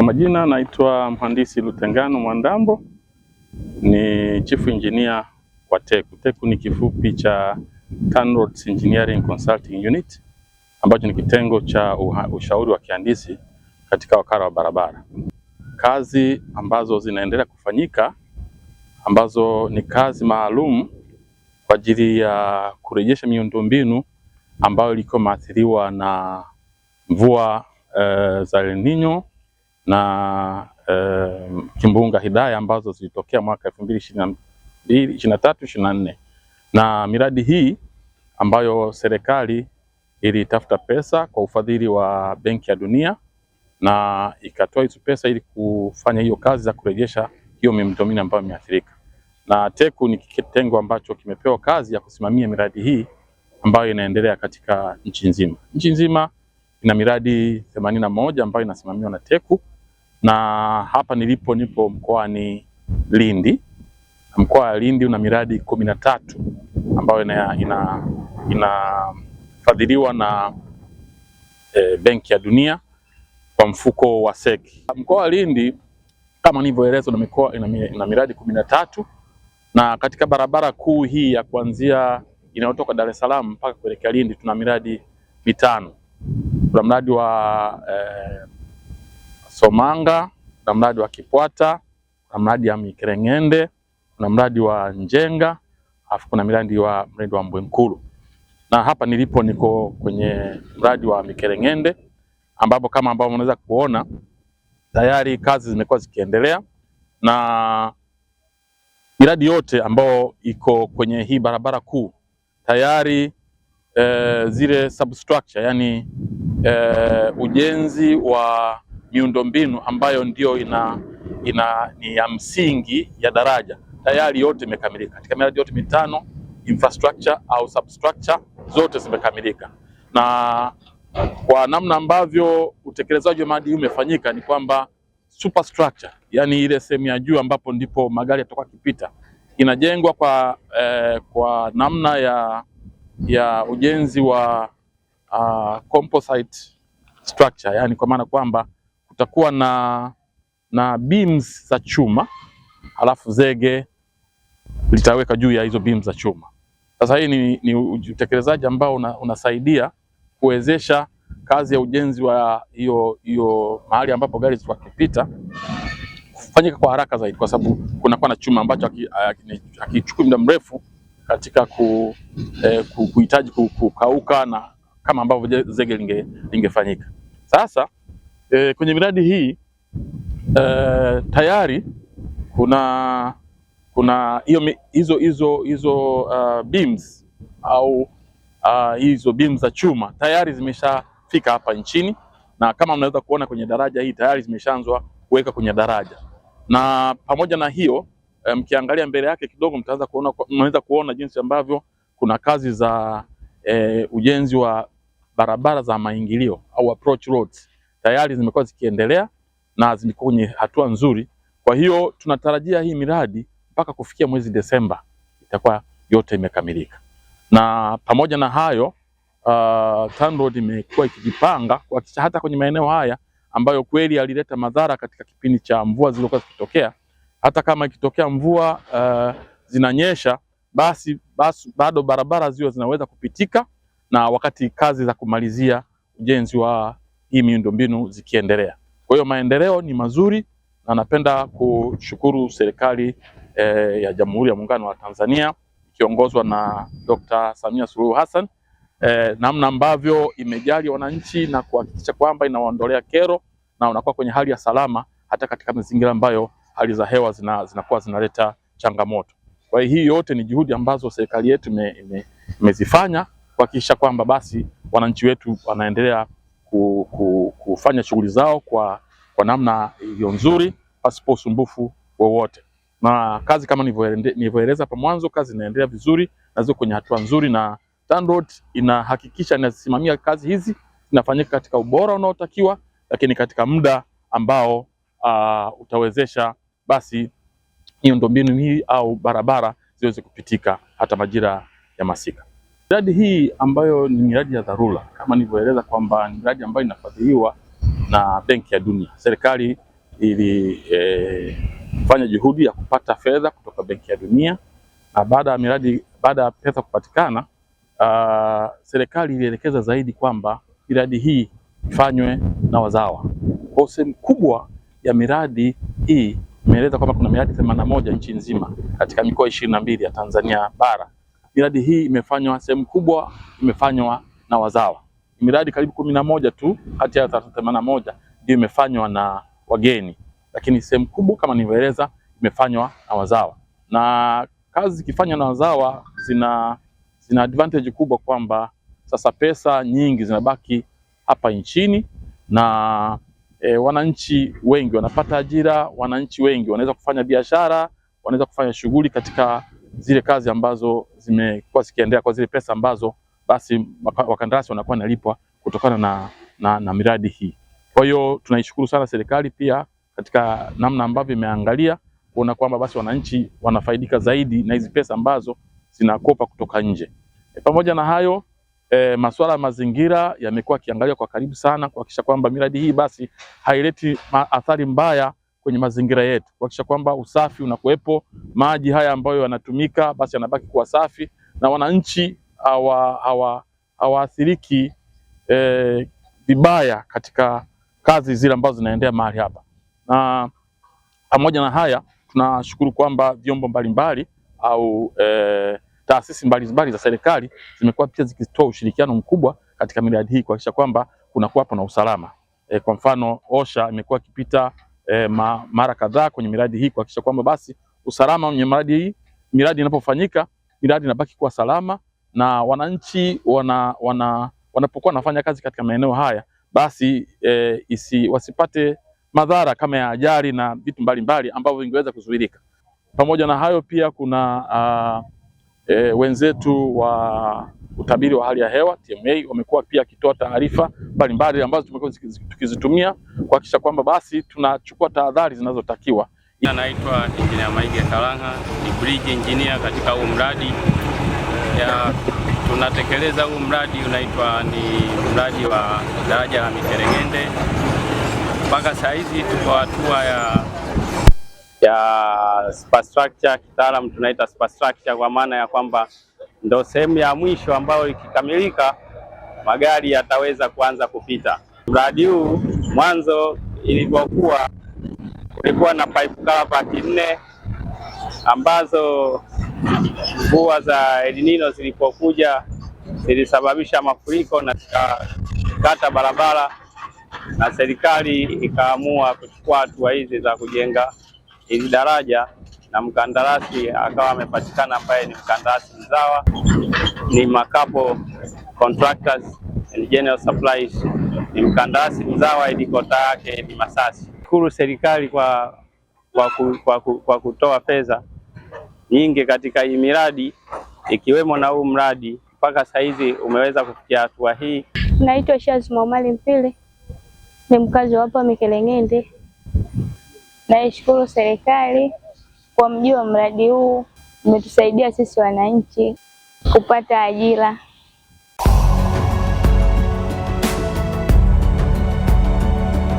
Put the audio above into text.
Kwa majina naitwa mhandisi Lutengano Mwandambo, ni chief engineer wa teku teku ni kifupi cha TANROADS Engineering Consulting Unit ambacho ni kitengo cha ushauri wa kihandisi katika wakala wa barabara. Kazi ambazo zinaendelea kufanyika ambazo ni kazi maalum kwa ajili ya kurejesha miundombinu ambayo ilikuwa imeathiriwa na mvua e, za El Nino na e, kimbunga Hidaya ambazo zilitokea mwaka elfu mbili ishirini na tatu ishirini na nne na miradi hii ambayo serikali ilitafuta pesa kwa ufadhili wa Benki ya Dunia na ikatoa hizo pesa ili kufanya hiyo kazi za kurejesha hiyo miundombinu ambayo imeathirika, na TEKU ni kitengo ambacho kimepewa kazi ya kusimamia miradi hii ambayo inaendelea katika nchi nzima. Nchi nzima ina miradi themanini na moja ambayo inasimamiwa na teku na hapa nilipo nipo mkoani Lindi. Mkoa wa Lindi una miradi kumi na tatu ambayo inafadhiliwa ina, ina na e, Benki ya Dunia kwa mfuko wa SEC. Mkoa wa Lindi kama nilivyoelezwa na mikoa ina miradi kumi na tatu na katika barabara kuu hii ya kuanzia inayotoka Dar es Salaam mpaka kuelekea Lindi tuna miradi mitano. Kuna mradi wa eh, Somanga, kuna mradi wa Kipwata, kuna mradi ya Mikerengende, kuna mradi wa Njenga, alafu kuna mradi wa mradi wa Mbwenkulu. Na hapa nilipo niko kwenye mradi wa Mikerengende ambapo kama ambavyo unaweza kuona tayari kazi zimekuwa zikiendelea na miradi yote ambayo iko kwenye hii barabara kuu tayari e, zile substructure yani e, ujenzi wa miundombinu ambayo ndio ina, ina ni ya msingi ya daraja tayari yote imekamilika. Katika miradi yote mitano infrastructure au substructure zote zimekamilika, na kwa namna ambavyo utekelezaji wa mradi huu umefanyika ni kwamba superstructure, yani ile sehemu ya juu ambapo ndipo magari yatakuwa kipita inajengwa kwa, eh, kwa namna ya, ya ujenzi wa uh, composite structure, yani kwa maana kwamba tutakuwa na, na beams za chuma halafu zege litaweka juu ya hizo beams za chuma. Sasa hii ni, ni utekelezaji ambao una, unasaidia kuwezesha kazi ya ujenzi wa hiyo hiyo mahali ambapo gari zitakapita kufanyika kwa haraka zaidi, kwa sababu kunakuwa na chuma ambacho hakichukui muda mrefu katika ku, eh, kuhitaji kukauka na kama ambavyo zege linge, lingefanyika sasa e, kwenye miradi hii e, tayari kuna kuna hiyo hizo hizo hizo uh, beams au uh, hizo beams za chuma tayari zimeshafika hapa nchini, na kama mnaweza kuona kwenye daraja hii tayari zimeshaanzwa kuweka kwenye daraja, na pamoja na hiyo e, mkiangalia mbele yake kidogo mtaanza kuona, mnaweza kuona jinsi ambavyo kuna kazi za e, ujenzi wa barabara za maingilio au approach roads tayari zimekuwa zikiendelea na zimekuwa kwenye hatua nzuri. Kwa hiyo tunatarajia hii miradi mpaka kufikia mwezi Desemba itakuwa yote imekamilika, na pamoja na hayo uh, TANROADS imekuwa ikijipanga kuhakikisha hata kwenye maeneo haya ambayo kweli alileta madhara katika kipindi cha mvua zilizokuwa zikitokea, hata kama ikitokea mvua uh, zinanyesha basi, basi bado barabara ziwe zinaweza kupitika na wakati kazi za kumalizia ujenzi wa hii miundombinu zikiendelea. Kwa hiyo maendeleo ni mazuri na napenda kushukuru serikali e, ya Jamhuri ya Muungano wa Tanzania ikiongozwa na Dr. Samia Suluhu Hassan e, namna ambavyo imejali wananchi na kuhakikisha kwamba inawaondolea kero na unakuwa kwenye hali ya salama hata katika mazingira ambayo hali za hewa zina, zinakuwa zinaleta changamoto. Kwa hiyo hii yote ni juhudi ambazo serikali yetu imezifanya me, me, kuhakikisha kwamba basi wananchi wetu wanaendelea ku, ku, kufanya shughuli zao kwa, kwa namna iliyo nzuri pasipo usumbufu wowote, na kazi kama nilivyoeleza hapo mwanzo, kazi inaendelea vizuri na ziko kwenye hatua nzuri, na TANROADS inahakikisha inasimamia kazi hizi zinafanyika katika ubora unaotakiwa, lakini katika muda ambao uh, utawezesha basi miundombinu hii au barabara ziweze kupitika hata majira ya masika. Miradi hii ambayo ni miradi ya dharura kama nilivyoeleza kwamba ni miradi ambayo inafadhiliwa na Benki ya Dunia. Serikali ilifanya e, juhudi ya kupata fedha kutoka Benki ya Dunia na baada ya miradi, baada ya pesa kupatikana, uh, serikali ilielekeza zaidi kwamba miradi hii ifanywe na wazawa. Kwa sehemu kubwa ya miradi hii imeeleza kwamba kuna miradi themanini na moja nchi nzima katika mikoa ishirini na mbili ya Tanzania bara miradi hii imefanywa sehemu kubwa imefanywa na wazawa. Miradi karibu kumi na moja tu kati ya themanini na moja ndio imefanywa na wageni, lakini sehemu kubwa kama nilivyoeleza imefanywa na wazawa, na kazi zikifanywa na wazawa zina, zina advantage kubwa kwamba sasa pesa nyingi zinabaki hapa nchini na e, wananchi wengi wanapata ajira, wananchi wengi wanaweza kufanya biashara, wanaweza kufanya shughuli katika zile kazi ambazo zimekuwa zikiendelea kwa zile pesa ambazo basi wakandarasi wanakuwa nalipwa kutokana na, na, na miradi hii. Kwa hiyo tunaishukuru sana serikali pia katika namna ambavyo imeangalia kuona kwamba basi wananchi wanafaidika zaidi na hizi pesa ambazo zinakopa kutoka nje. E, pamoja na hayo e, masuala ya mazingira yamekuwa yakiangaliwa kwa karibu sana kuhakikisha kwamba miradi hii basi haileti athari mbaya kwenye mazingira yetu, kuhakikisha kwamba usafi unakuwepo, maji haya ambayo yanatumika basi yanabaki kuwa safi na wananchi hawaathiriki eh, vibaya katika kazi zile ambazo zinaendea mahali hapa. Na pamoja na haya, tunashukuru kwamba vyombo mbalimbali au eh, taasisi mbalimbali za serikali zimekuwa pia zikitoa ushirikiano mkubwa katika miradi hii kuhakikisha kwamba kunakuwapo na usalama. E, kwa mfano OSHA imekuwa ikipita e, ma, mara kadhaa kwenye miradi hii kuhakikisha kwamba basi usalama wenye miradi hii, miradi inapofanyika miradi inabaki kuwa salama na wananchi wana, wana, wanapokuwa wanafanya kazi katika maeneo haya basi e, isi, wasipate madhara kama ya ajali na vitu mbalimbali ambavyo vingeweza kuzuilika. Pamoja na hayo pia kuna uh, E, wenzetu wa utabiri wa hali ya hewa TMA wamekuwa pia akitoa taarifa mbalimbali ambazo tumekuwa tukizitumia kuhakikisha kwamba basi tunachukua tahadhari zinazotakiwa. Anaitwa Injinia Maige Kalanga, ni bridge engineer katika huu mradi ya tunatekeleza. Huu mradi unaitwa ni mradi wa daraja la miteregende Mpaka saa hizi tuko hatua ya ya superstructure, kitaalamu tunaita superstructure, kwa maana ya kwamba ndo sehemu ya mwisho ambayo ikikamilika magari yataweza kuanza kupita. Mradi huu mwanzo ilivyokuwa, kulikuwa na pipe kalapati nne ambazo mvua za El Nino zilipokuja zilisababisha mafuriko na zikakata barabara, na serikali ikaamua kuchukua hatua hizi za kujenga ili daraja na mkandarasi akawa amepatikana ambaye ni mkandarasi mzawa, ni Makapo Contractors and General Supplies, ni mkandarasi mzawa ili kota yake ni Masasi. Shukuru serikali kwa, kwa, ku, kwa, ku, kwa kutoa fedha nyingi katika hii miradi ikiwemo na huu mradi mpaka saizi umeweza kufikia hatua hii. Naitwa Shazi Mwamali Mpile, ni mkazi wa hapa Mikelengende. Naishukuru serikali kwa mjio wa mradi huu, umetusaidia sisi wananchi kupata ajira.